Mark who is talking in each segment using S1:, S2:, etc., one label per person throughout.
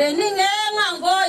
S1: Lening engangoi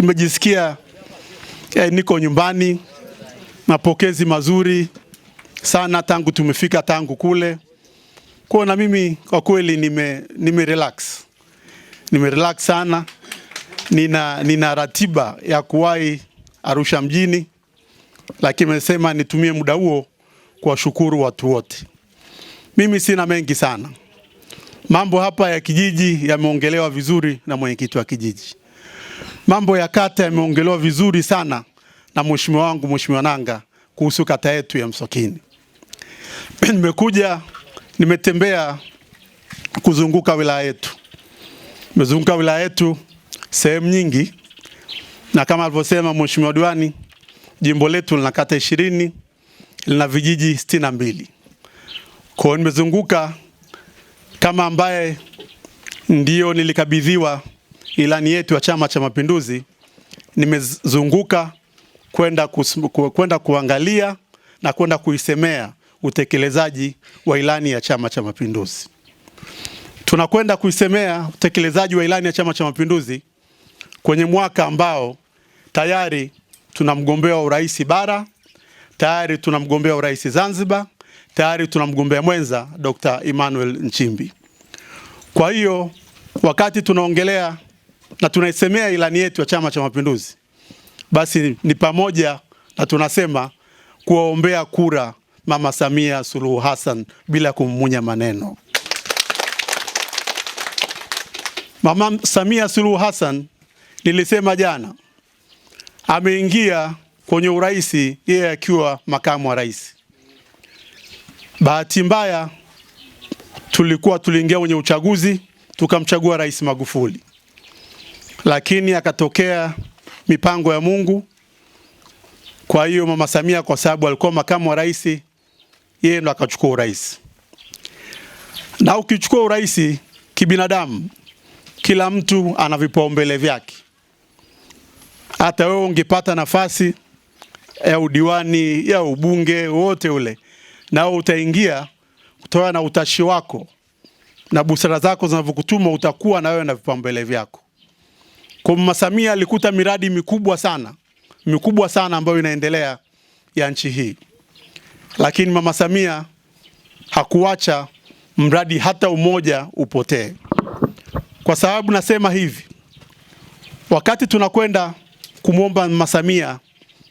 S1: Nimejisikia eh, niko nyumbani, mapokezi mazuri sana tangu tumefika, tangu kule kwa, na mimi kwa kweli nime, nime relax nime relax sana. Nina, nina ratiba ya kuwahi Arusha mjini, lakini nimesema nitumie muda huo kuwashukuru watu wote. Mimi sina mengi sana, mambo hapa ya kijiji yameongelewa vizuri na mwenyekiti wa kijiji. Mambo ya kata yameongelewa vizuri sana na mheshimiwa wangu Mheshimiwa Nanga kuhusu kata yetu ya msokini Nimekuja nimetembea kuzunguka wilaya yetu, nimezunguka wilaya yetu sehemu nyingi, na kama alivyosema mheshimiwa diwani, jimbo letu lina kata ishirini, lina vijiji sitini na mbili. Kwa hiyo nimezunguka kama ambaye ndio nilikabidhiwa ilani yetu ya Chama cha Mapinduzi, nimezunguka kwenda kwenda kuangalia na kwenda kuisemea utekelezaji wa ilani ya Chama cha Mapinduzi. Tunakwenda kuisemea utekelezaji wa ilani ya Chama cha Mapinduzi kwenye mwaka ambao tayari tuna mgombea wa urais bara, tayari tuna mgombea wa urais Zanzibar, tayari tuna mgombea mwenza Dr. Emmanuel Nchimbi. Kwa hiyo wakati tunaongelea na tunaisemea ilani yetu ya Chama cha Mapinduzi, basi ni pamoja na tunasema kuwaombea kura Mama Samia Suluhu Hassan bila kummunya maneno. Mama Samia Suluhu Hassan nilisema jana ameingia kwenye urais yeye akiwa makamu wa rais. Bahati mbaya tulikuwa tuliingia kwenye uchaguzi tukamchagua Rais Magufuli lakini akatokea mipango ya Mungu. Kwa hiyo mama Samia, kwa sababu alikuwa makamu wa rais, yeye ndo akachukua urais, na ukichukua urais kibinadamu, kila mtu ana vipaumbele vyake. Hata wewe ungepata nafasi ya udiwani ya ubunge wote ule, na wewe utaingia kutokana na utashi wako na busara zako zinavyokutuma, utakuwa na wewe na vipaumbele vyako. Kwa Mama Samia alikuta miradi mikubwa sana mikubwa sana ambayo inaendelea ya nchi hii, lakini Mama Samia hakuacha mradi hata umoja upotee. Kwa sababu nasema hivi, wakati tunakwenda kumwomba Mama Samia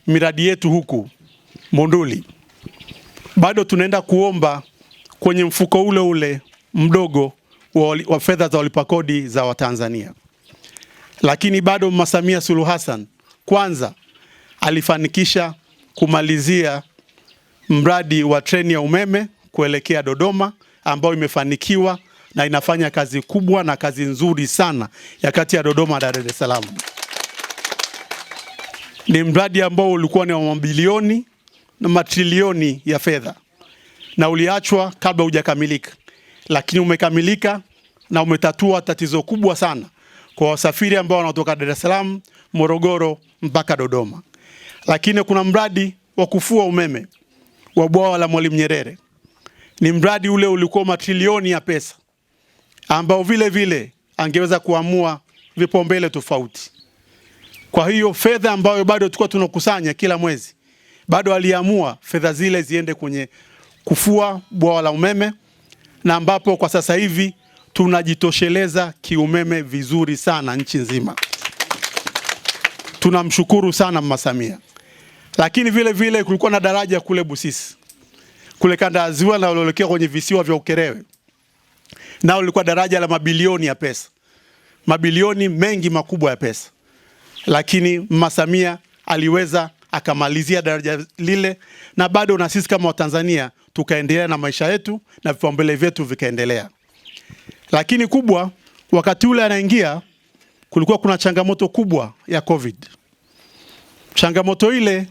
S1: miradi yetu huku Monduli, bado tunaenda kuomba kwenye mfuko ule ule mdogo wa, wa fedha za walipakodi za Watanzania. Lakini bado Mama Samia Suluhu Hassan kwanza alifanikisha kumalizia mradi wa treni ya umeme kuelekea Dodoma ambayo imefanikiwa na inafanya kazi kubwa na kazi nzuri sana ya kati ya Dodoma na Dar es Salaam. Ni mradi ambao ulikuwa ni wa mabilioni na matrilioni ya fedha na uliachwa kabla hujakamilika, lakini umekamilika na umetatua tatizo kubwa sana kwa wasafiri ambao wanatoka Dar es Salaam, Morogoro mpaka Dodoma. Lakini kuna mradi wa kufua umeme wa bwawa la Mwalimu Nyerere. Ni mradi ule ulikuwa matrilioni ya pesa ambao vile vile angeweza kuamua vipaumbele tofauti. Kwa hiyo fedha ambayo bado tulikuwa tunakusanya kila mwezi, bado aliamua fedha zile ziende kwenye kufua bwawa la umeme na ambapo kwa sasa hivi tunajitosheleza kiumeme vizuri sana nchi nzima. Tunamshukuru sana Mama Samia, lakini vile vile kulikuwa na daraja kule Busisi kule kanda ya ziwa linaloelekea kwenye visiwa vya Ukerewe, nao lilikuwa daraja la mabilioni ya pesa, mabilioni mengi makubwa ya pesa, lakini Mama Samia aliweza akamalizia daraja lile, na bado na sisi kama Watanzania tukaendelea na maisha yetu na vipaumbele vyetu vikaendelea. Lakini kubwa, wakati ule anaingia, kulikuwa kuna changamoto kubwa ya Covid. Changamoto ile,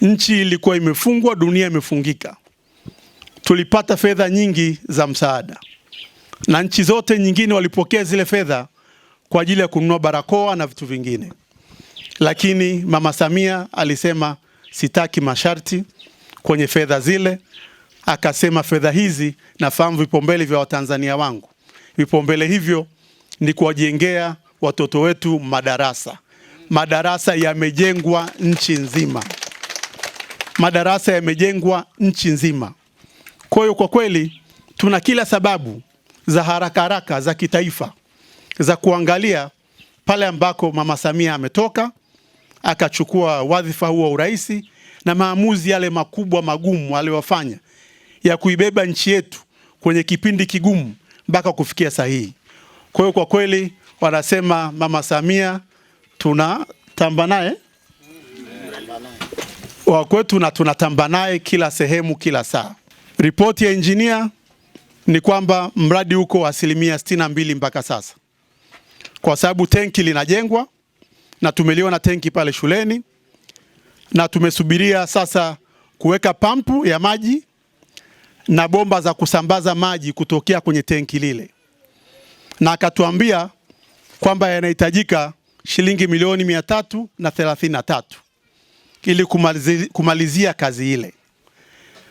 S1: nchi ilikuwa imefungwa, dunia imefungika. Tulipata fedha nyingi za msaada, na nchi zote nyingine walipokea zile fedha kwa ajili ya kununua barakoa na vitu vingine, lakini Mama Samia alisema sitaki masharti kwenye fedha zile. Akasema fedha hizi, nafahamu vipaumbele vya Watanzania wangu, Vipaumbele hivyo ni kuwajengea watoto wetu madarasa. Madarasa yamejengwa nchi nzima, madarasa yamejengwa nchi nzima. Kwa hiyo kwa kweli tuna kila sababu za haraka haraka za kitaifa za kuangalia pale ambako Mama Samia ametoka akachukua wadhifa huo wa urais na maamuzi yale makubwa magumu aliyofanya ya kuibeba nchi yetu kwenye kipindi kigumu mpaka kufikia sahihi. Kwa hiyo kwa kweli wanasema Mama Samia tunatamba naye wa kwetu na tunatamba naye kila sehemu, kila saa. Ripoti ya injinia ni kwamba mradi uko asilimia 62 mbili mpaka sasa, kwa sababu tenki linajengwa na tumeliona tenki pale shuleni na tumesubiria sasa kuweka pampu ya maji na bomba za kusambaza maji kutokea kwenye tenki lile, na akatuambia kwamba yanahitajika shilingi milioni mia tatu na thelathini na tatu ili kumalizia, kumalizia kazi ile.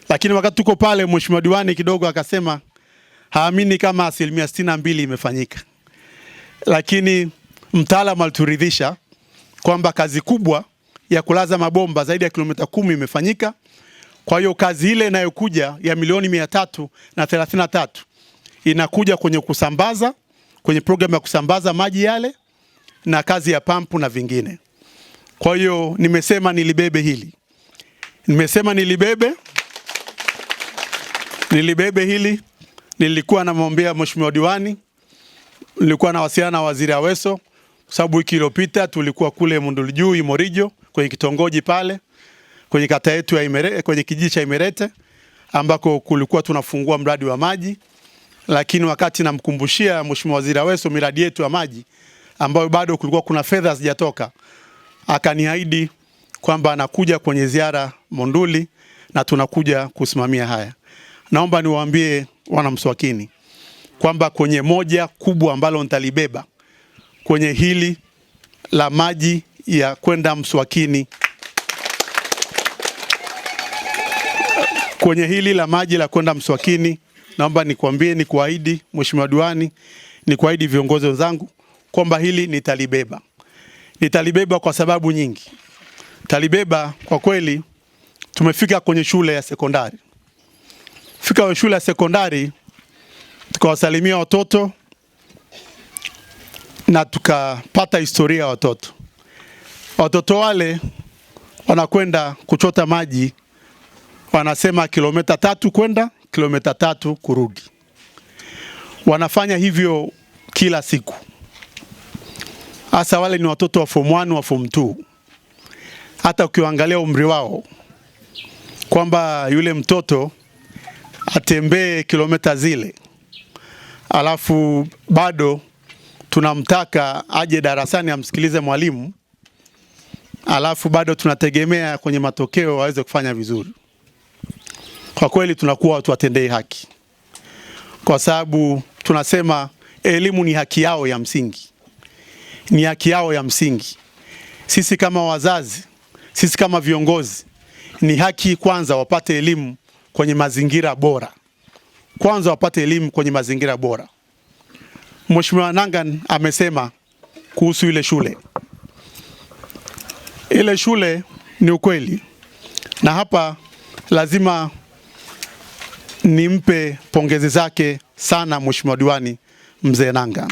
S1: Lakini wakati tuko pale, mheshimiwa diwani kidogo akasema haamini kama asilimia sitini na mbili imefanyika, lakini mtaalamu alituridhisha kwamba kazi kubwa ya kulaza mabomba zaidi ya kilomita kumi imefanyika kwa hiyo kazi ile inayokuja ya milioni mia tatu na thelathini na tatu inakuja kwenye kusambaza, kwenye programu ya kusambaza maji yale na kazi ya pampu na vingine. Kwa hiyo nimesema nilibebe hili, nimesema nilibebe, nilibebe hili. Nilikuwa namwombea mheshimiwa diwani, nilikuwa nawasiliana na waziri Aweso, sababu wiki iliyopita tulikuwa kule Monduli Imorijo kwenye kitongoji pale kwenye kata yetu ya Imerete, kwenye kijiji cha Imerete ambako kulikuwa tunafungua mradi wa maji, lakini wakati namkumbushia Mheshimiwa Waziri Aweso miradi yetu ya maji ambayo bado kulikuwa kuna fedha hazijatoka, akaniahidi kwamba anakuja kwenye ziara Monduli na tunakuja kusimamia haya. Naomba niwaambie wana Mswakini kwamba kwenye moja kubwa ambalo nitalibeba kwenye hili la maji ya kwenda Mswakini Kwenye hili la maji la kwenda mswakini, naomba nikwambie, nikuahidi Mheshimiwa Diwani, nikuahidi viongozi wenzangu kwamba hili nitalibeba. Nitalibeba kwa sababu nyingi. Talibeba kwa kweli, tumefika kwenye shule ya sekondari, fika kwenye shule ya sekondari tukawasalimia watoto na tukapata historia ya watoto. Watoto wale wanakwenda kuchota maji wanasema kilomita tatu kwenda kilomita tatu kurudi. Wanafanya hivyo kila siku, hasa wale ni watoto wa form 1 wa form 2. Hata ukiangalia umri wao kwamba yule mtoto atembee kilomita zile, alafu bado tunamtaka aje darasani amsikilize mwalimu, alafu bado tunategemea kwenye matokeo aweze kufanya vizuri kwa kweli tunakuwa watu haki, kwa sababu tunasema elimu ni haki yao ya msingi, ni haki yao ya msingi. Sisi kama wazazi, sisi kama viongozi, ni haki kwanza wapate elimu kwenye mazingira bora, kwanza wapate elimu kwenye mazingira bora. Mheshimiwa Nangan amesema kuhusu ile shule, ile shule ni ukweli, na hapa lazima nimpe pongezi zake sana Mheshimiwa Diwani Mzee Nanga.